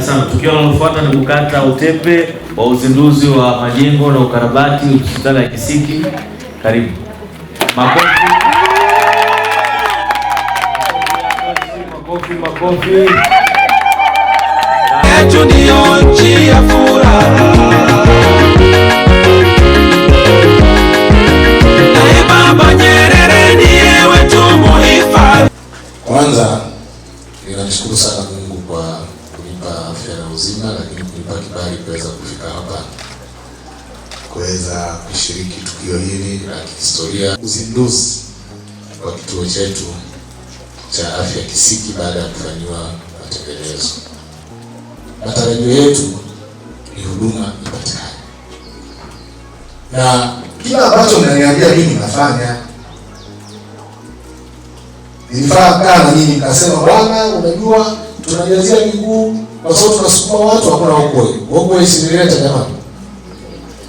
sana. Tukio linalofuata ni kukata utepe wa uzinduzi wa majengo na ukarabati hospitali ya Kisiki. Karibu makofi, makofi, makofi. Yetu ndiyo nchi ya furaha. Nashukuru sana Mungu kwa kunipa afya na uzima, lakini kunipa kibali kuweza kufika hapa kuweza kushiriki tukio hili la kihistoria, uzinduzi wa kituo chetu cha afya Kisiki baada ya kufanyiwa matengenezo. Matarajio yetu ni huduma ipatikane, na kila ambacho mnaniambia mimi nafanya Nilifaa kana nini, nikasema bwana, unajua tunajazia miguu kwa sababu tunasukuma watu, hakuna okoe okoe, sinileta jamani,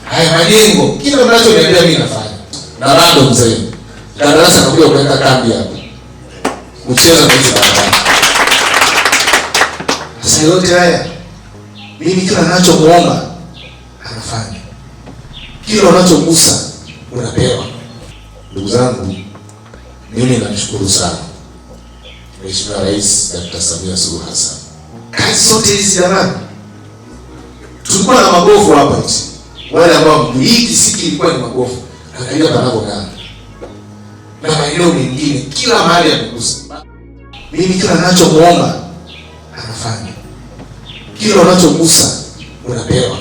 haya majengo kila mnachoniambia mimi nafanya na rando mzee kandarasi anakuja kuweka kambi hapa kucheza mchezo barabara. Sasa yote haya mimi kila ninachomuomba anafanya, kila unachogusa unapewa. Ndugu zangu, mimi namshukuru sana Mheshimiwa Rais Dr. Samia Suluhu Hassan. Kazi zote hizi jamani, tulikuwa na magofu hapa nchi, wale ambao hii kisiki ilikuwa ni magofu, angalia panapokaa na maeneo mengine, kila mahali yamegusa. Mimi kila anachomuomba anafanya, kila unachogusa unapewa.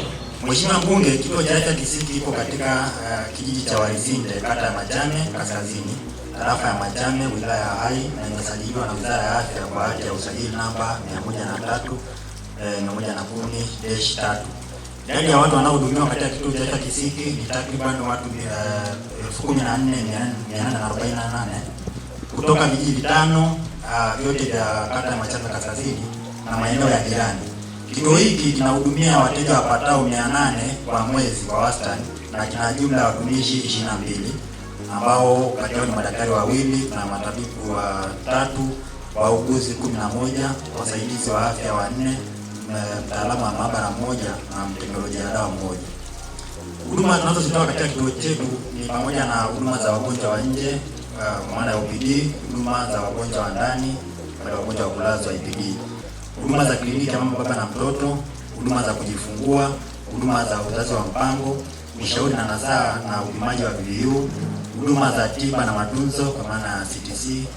Mheshimiwa Mbunge, kituo cha afya Kisiki iko katika uh, kijiji cha Walizinde, kata ya Majane kaskazini tarafa ya Machame, wilaya ya Hai na imesajiliwa na Wizara ya Afya kwa hati ya usajili namba 103/110-3. Eh, Idadi ya watu wanaohudumiwa katika kituo cha Kisiki ni takriban watu 14848 eh, kutoka vijiji vitano ah, vyote vya kata ya Machame kaskazini na maeneo ya jirani. Kituo hiki kinahudumia wateja wapatao 800 kwa mwezi kwa wastani na kina jumla ya watumishi 22 ambao kati yao ni madaktari wawili na matabibu watatu, wauguzi kumi na moja, wasaidizi wa afya wanne, mtaalamu wa maabara mmoja na mteknolojia dawa mmoja. Huduma tunazozitoa katika kituo chetu ni pamoja na huduma za wagonjwa wa nje kwa maana ya OPD, huduma za wagonjwa wa ndani wale wagonjwa wa kulazwa IPD, huduma za kliniki ya mama, baba na mtoto, huduma za kujifungua, huduma za uzazi wa mpango ushauri na nasaha na upimaji wa VVU, huduma za tiba na matunzo kwa maana ya CTC,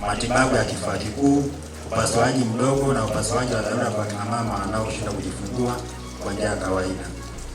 matibabu ya kifua kikuu, upasuaji mdogo na upasuaji wa dharura kwa kina mama wanaoshindwa kujifungua kwa njia ya kawaida.